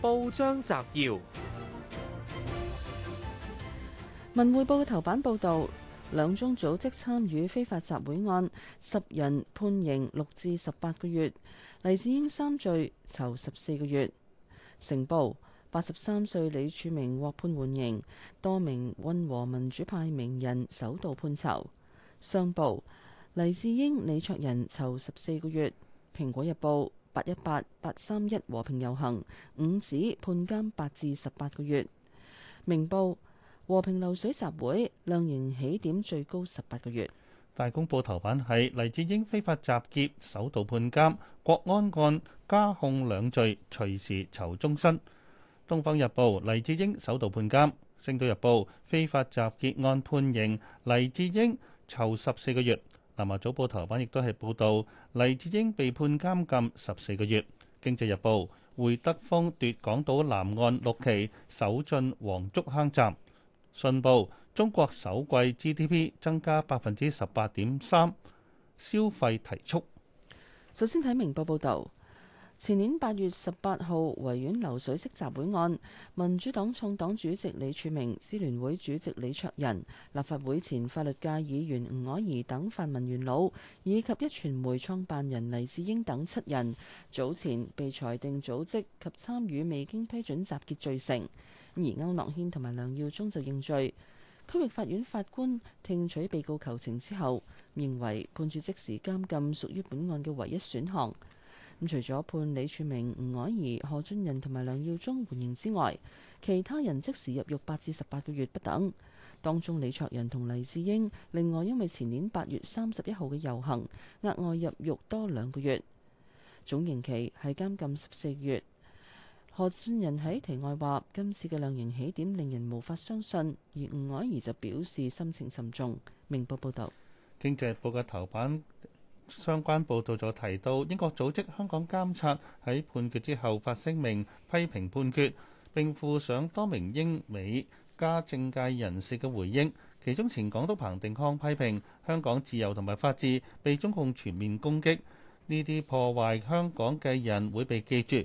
報章摘要：《文匯報》頭版報道，兩宗組織參與非法集會案，十人判刑六至十八個月，黎智英三罪囚十四個月。成報八十三歲李柱銘獲判緩刑，多名溫和民主派名人首度判囚。商報黎智英、李卓人囚十四個月。《蘋果日報》八一八八三一和平遊行五子判監八至十八個月。明報和平流水集會量刑起點最高十八個月。大公報頭版係黎智英非法集結首度判監，國安案加控兩罪，隨時囚終身。《東方日報》黎智英首度判監，《星島日報》非法集結案判，判刑，黎智英囚十四個月。南華早報頭版亦都係報道黎智英被判監禁十四個月。經濟日報，會德豐奪港島南岸六期，首進黃竹坑站。信報，中國首季 GDP 增加百分之十八點三，消費提速。首先睇明報報道。前年八月十八號，維園流水式集會案，民主黨創黨主席李柱銘、支聯會主席李卓人、立法會前法律界議員吳靄儀等泛民元老，以及壹傳媒創辦人黎智英等七人，早前被裁定組織及參與未經批准集結罪成。而區諾軒同埋梁耀忠就認罪。區域法院法官聽取被告求情之後，認為判處即時監禁屬於本案嘅唯一選項。咁除咗判李柱銘、吳靄儀、何俊仁同埋梁耀忠緩刑之外，其他人即時入獄八至十八個月不等。當中李卓人同黎智英，另外因為前年八月三十一號嘅遊行，額外入獄多兩個月。總刑期係監禁十四個月。何俊仁喺庭外話：今次嘅量刑起點令人無法相信。而吳靄儀就表示心情沉重。明報報道：「經濟日報嘅頭版。相關報道就提到，英國組織香港監察喺判決之後發聲明批評判決，並附上多名英美加政界人士嘅回應。其中前港督彭定康批評香港自由同埋法治被中共全面攻擊，呢啲破壞香港嘅人會被記住。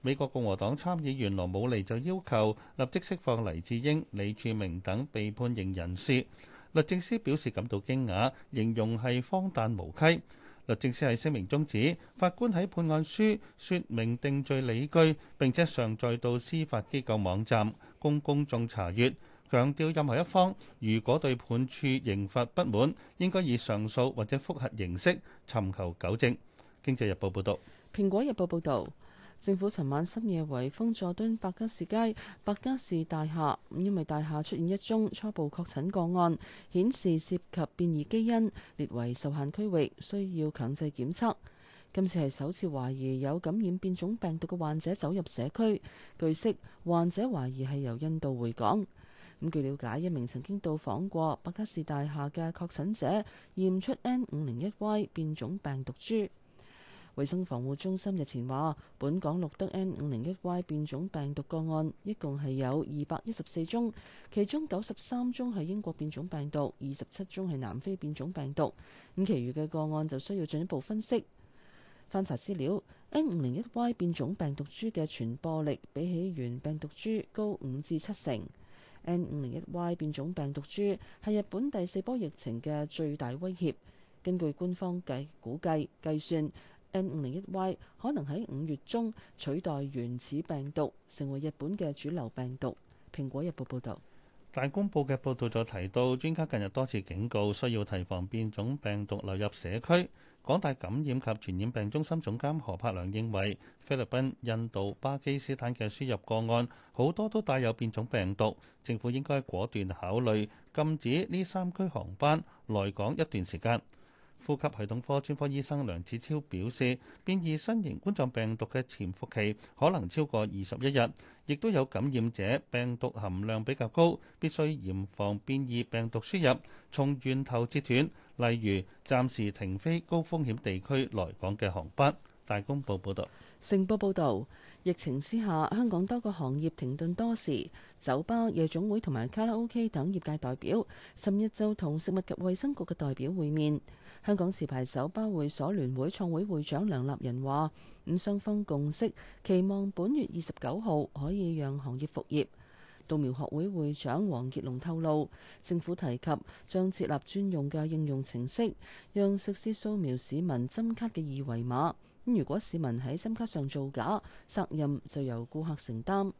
美國共和黨參議員羅姆尼就要求立即釋放黎智英、李柱銘等被判刑人士。律政司表示感到驚訝，形容係荒誕無稽。律政司喺聲明中指，法官喺判案書説明定罪理據，並且上載到司法機構網站供公眾查閲，強調任何一方如果對判處刑罰不滿，應該以上訴或者覆核形式尋求糾正。經濟日報報道。蘋果日報報導。政府尋晚深夜圍封佐敦白加士街、白加士大廈，因為大廈出現一宗初步確診個案，顯示涉及變異基因，列為受限區域，需要強制檢測。今次係首次懷疑有感染變種病毒嘅患者走入社區。據悉，患者懷疑係由印度回港。咁據了解，一名曾經到訪過白加士大廈嘅確診者驗出 N501Y 變種病毒株。衛生防護中心日前話，本港錄得 N 五零一 Y 變種病毒個案，一共係有二百一十四宗，其中九十三宗係英國變種病毒，二十七宗係南非變種病毒。咁，其餘嘅個案就需要進一步分析。翻查資料，N 五零一 Y 變種病毒株嘅傳播力比起原病毒株高五至七成。N 五零一 Y 變種病毒株係日本第四波疫情嘅最大威脅。根據官方計估計計算。N 五零一 Y 可能喺五月中取代原始病毒，成為日本嘅主流病毒。《蘋果日報》報導。大公報嘅報導就提到，專家近日多次警告，需要提防變種病毒流入社區。港大感染及傳染病中心總監何柏良認為，菲律賓、印度、巴基斯坦嘅輸入個案好多都帶有變種病毒，政府應該果斷考慮禁止呢三區航班來港一段時間。呼吸系統科專科醫生梁子超表示，變異新型冠狀病毒嘅潛伏期可能超過二十一日，亦都有感染者病毒含量比較高，必須嚴防變異病毒輸入，從源頭截斷。例如暫時停飛高風險地區來港嘅航班。大公報報導，成報報導，疫情之下，香港多個行業停頓多時，酒吧、夜總會同埋卡拉 OK 等業界代表，尋日就同食物及衛生局嘅代表會面。香港持牌酒吧會所聯會創會會長梁立仁話，咁雙方共識，期望本月二十九號可以讓行業復業。稻苗學會會長黃傑龍透露，政府提及將設立專用嘅應用程式，讓食肆掃描市民針卡嘅二維碼。咁如果市民喺針卡上造假，責任就由顧客承擔。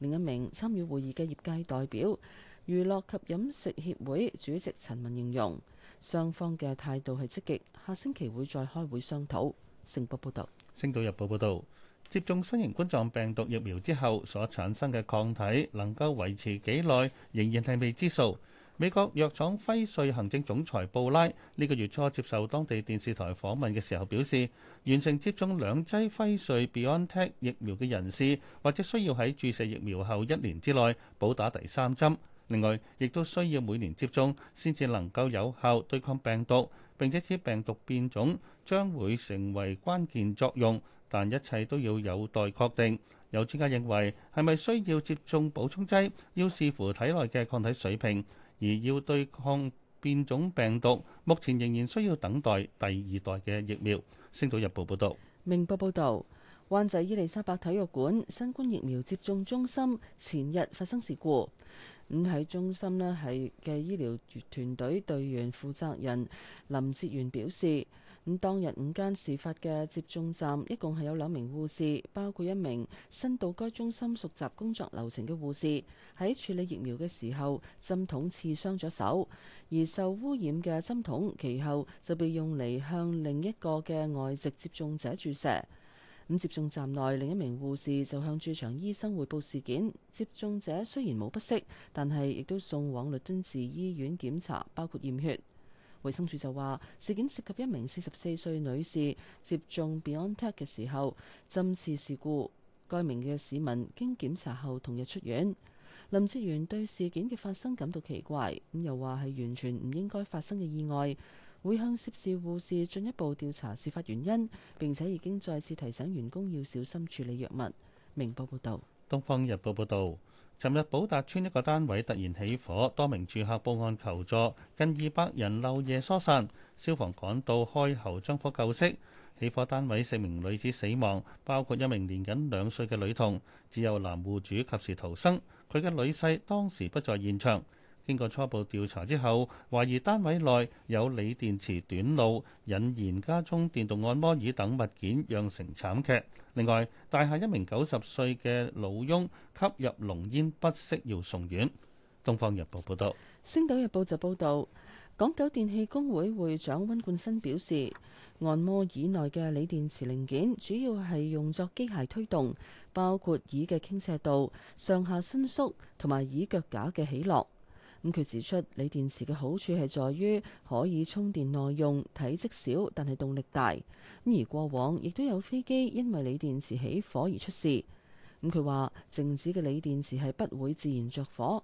另一名參與會議嘅業界代表，娛樂及飲食協會主席陳文形容，雙方嘅態度係積極，下星期會再開會商討。成報報導，《星島日報》報導，接種新型冠狀病毒疫苗之後所產生嘅抗體能夠維持幾耐，仍然係未知數。美國藥廠輝瑞行政總裁布拉呢個月初接受當地電視台訪問嘅時候表示，完成接種兩劑輝瑞 Biontech 疫苗嘅人士，或者需要喺注射疫苗後一年之內補打第三針。另外，亦都需要每年接種，先至能夠有效對抗病毒。並且，指病毒變種將會成為關鍵作用，但一切都要有待確定。有專家認為，係咪需要接種補充劑，要視乎體內嘅抗體水平，而要對抗變種病毒，目前仍然需要等待第二代嘅疫苗。星島日報報道。明報報道，灣仔伊利沙伯體育館新冠疫苗接種中心前日發生事故。五喺中心呢，係嘅醫療團隊隊員負責人林哲源表示，咁當日五間事發嘅接種站一共係有兩名護士，包括一名新到該中心熟習工作流程嘅護士喺處理疫苗嘅時候，針筒刺傷咗手，而受污染嘅針筒其後就被用嚟向另一個嘅外籍接種者注射。咁接種站內另一名護士就向駐場醫生匯報事件。接種者雖然冇不適，但係亦都送往律敦治醫院檢查，包括驗血。衛生署就話，事件涉及一名四十四歲女士接種 BioNTech 嘅時候針刺事故。該名嘅市民經檢查後同日出院。林哲源對事件嘅發生感到奇怪，咁又話係完全唔應該發生嘅意外。會向涉事護士進一步調查事發原因，並且已經再次提醒員工要小心處理藥物。明報報道：《東方日報》報道，尋日寶達邨一個單位突然起火，多名住客報案求助，近二百人漏夜疏散。消防趕到開喉將火救熄。起火單位四名女子死亡，包括一名年僅兩歲嘅女童，只有男戶主及時逃生。佢嘅女婿當時不在現場。經過初步調查之後，懷疑單位內有鋰電池短路，引燃家中電動按摩椅等物件，釀成慘劇。另外，大廈一名九十歲嘅老翁吸入濃煙，不適要送院。《東方日報》報道，《星島日報》就報道，港九電器工會會長温冠新表示，按摩椅內嘅鋰電池零件主要係用作機械推動，包括椅嘅傾斜度、上下伸縮同埋椅腳架嘅起落。咁佢指出，鋰電池嘅好處係在於可以充電耐用，體積小但係動力大。咁而過往亦都有飛機因為鋰電池起火而出事。咁佢話，靜止嘅鋰電池係不會自然着火。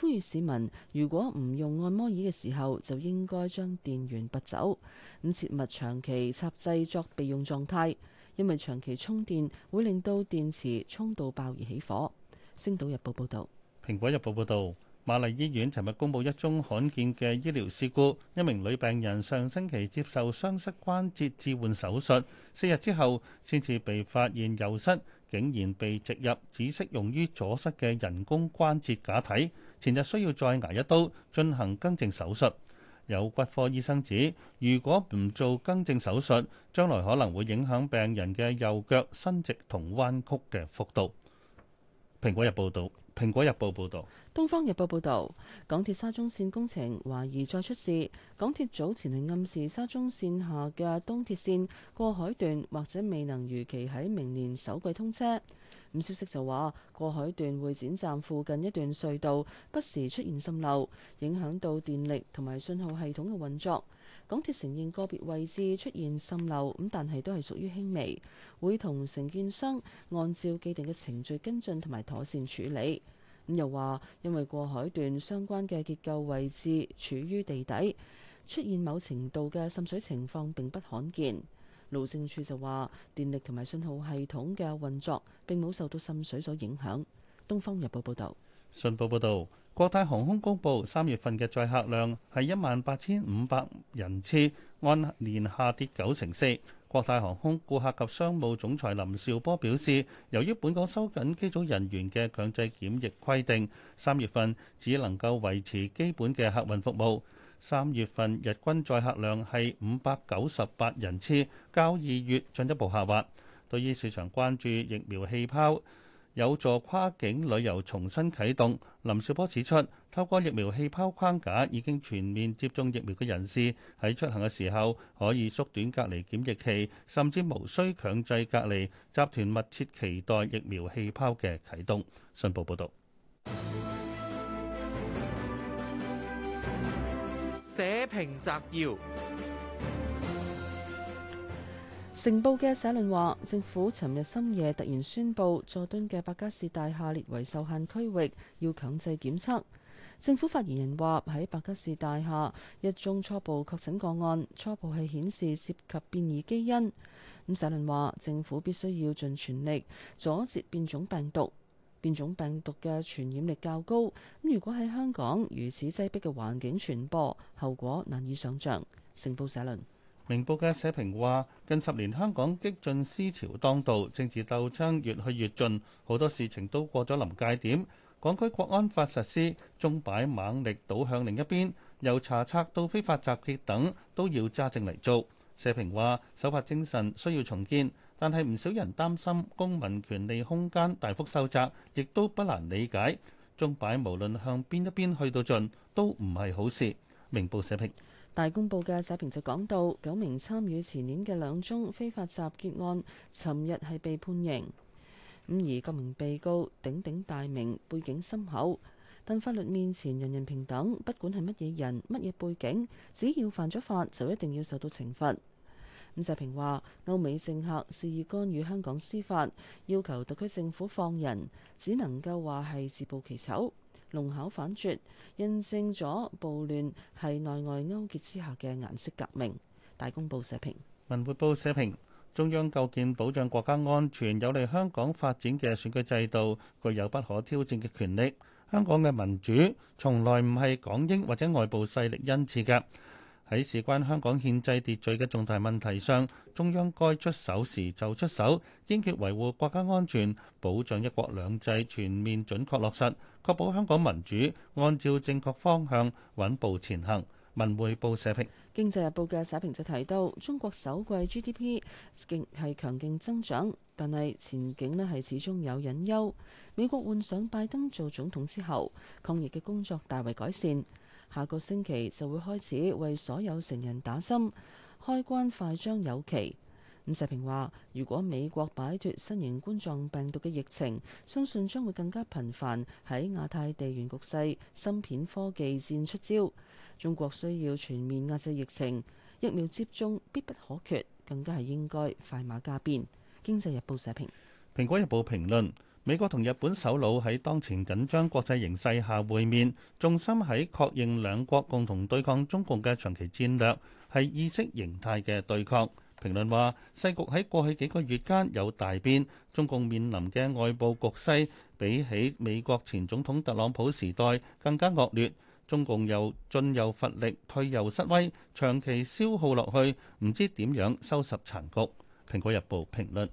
呼籲市民如果唔用按摩椅嘅時候，就應該將電源拔走。咁切勿長期插制作備用狀態，因為長期充電會令到電池充到爆而起火。星島日報報道。蘋果日報報導。瑪麗醫院尋日公布一宗罕見嘅醫療事故，一名女病人上星期接受雙膝關節置換手術，四日之後先至被發現右膝竟然被植入只適用於左膝嘅人工關節假體。前日需要再挨一刀進行更正手術。有骨科醫生指，如果唔做更正手術，將來可能會影響病人嘅右腳伸直同彎曲嘅幅度。蘋果日報報道。《蘋果日報》報導，《東方日報》報導，港鐵沙中線工程懷疑再出事。港鐵早前係暗示沙中線下嘅東鐵線過海段或者未能如期喺明年首季通車。咁消息就話，過海段會展站附近一段隧道不時出現滲漏，影響到電力同埋信號系統嘅運作。港鐵承認個別位置出現滲漏，咁但係都係屬於輕微，會同承建商按照既定嘅程序跟進同埋妥善處理。咁又話因為過海段相關嘅結構位置處於地底，出現某程度嘅滲水情況並不罕見。路政署就話電力同埋信號系統嘅運作並冇受到滲水所影響。《東方日報》報道。《信報》報道。國泰航空公布三月份嘅載客量係一萬八千五百人次，按年下跌九成四。國泰航空顧客及商務總裁林紹波表示，由於本港收緊機組人員嘅強制檢疫規定，三月份只能夠維持基本嘅客運服務。三月份日均載客量係五百九十八人次，較二月進一步下滑。對於市場關注疫苗氣泡，有助跨境旅遊重新啟動。林少波指出，透過疫苗氣泡框架，已經全面接種疫苗嘅人士，喺出行嘅時候，可以縮短隔離檢疫期，甚至無需強制隔離。集團密切期待疫苗氣泡嘅啟動。信報報導。社評摘要。成報嘅社論話，政府尋日深夜突然宣布，佐敦嘅白加士大廈列為受限區域，要強制檢測。政府發言人話，喺白加士大廈一宗初步確診個案，初步係顯示涉及變異基因。咁社論話，政府必須要盡全力阻截變種病毒。變種病毒嘅傳染力較高，咁如果喺香港如此擠迫嘅環境傳播，後果難以想像。成報社論。明報嘅社評話：近十年香港激進思潮當道，政治鬥爭越去越盡，好多事情都過咗臨界點。港區國安法實施，鐘擺猛力倒向另一邊，由查冊到非法集結等都要揸正嚟做。社評話：守法精神需要重建，但係唔少人擔心公民權利空間大幅收窄，亦都不難理解。鐘擺無論向邊一邊去到盡，都唔係好事。明報社評。大公報嘅社評就講到，九名參與前年嘅兩宗非法集結案，尋日係被判刑。咁而各名被告鼎鼎大名，背景深厚，但法律面前人人平等，不管係乜嘢人、乜嘢背景，只要犯咗法，就一定要受到懲罰。咁社評話，歐美政客肆意干預香港司法，要求特區政府放人，只能夠話係自暴其醜。龍口反絕，印證咗暴亂係內外勾結之下嘅顏色革命。大公報社評，文匯報社評，中央構建保障國家安全、有利香港發展嘅選舉制度，具有不可挑戰嘅權力。香港嘅民主，從來唔係港英或者外部勢力因賜嘅。喺事關香港憲制秩序嘅重大問題上，中央該出手時就出手，堅決維護國家安全，保障一國兩制全面準確落實，確保香港民主按照正確方向穩步前行。文匯報社評，《經濟日報》嘅社評就提到，中國首季 GDP 勁係強勁增長，但係前景咧係始終有隱憂。美國換上拜登做總統之後，抗疫嘅工作大為改善。下個星期就會開始為所有成人打針，開關快將有期。咁社評話，如果美國擺脱新型冠狀病毒嘅疫情，相信將會更加頻繁喺亞太地緣局勢、芯片科技戰出招。中國需要全面壓制疫情，疫苗接種必不可缺，更加係應該快馬加鞭。經濟日報社評，蘋果日報評論。美國同日本首腦喺當前緊張國際形勢下會面，重心喺確認兩國共同對抗中共嘅長期戰略，係意識形態嘅對抗。評論話，世局喺過去幾個月間有大變，中共面臨嘅外部局勢比起美國前總統特朗普時代更加惡劣。中共又進又乏力，退又失威，長期消耗落去，唔知點樣收拾殘局。《蘋果日報》評論。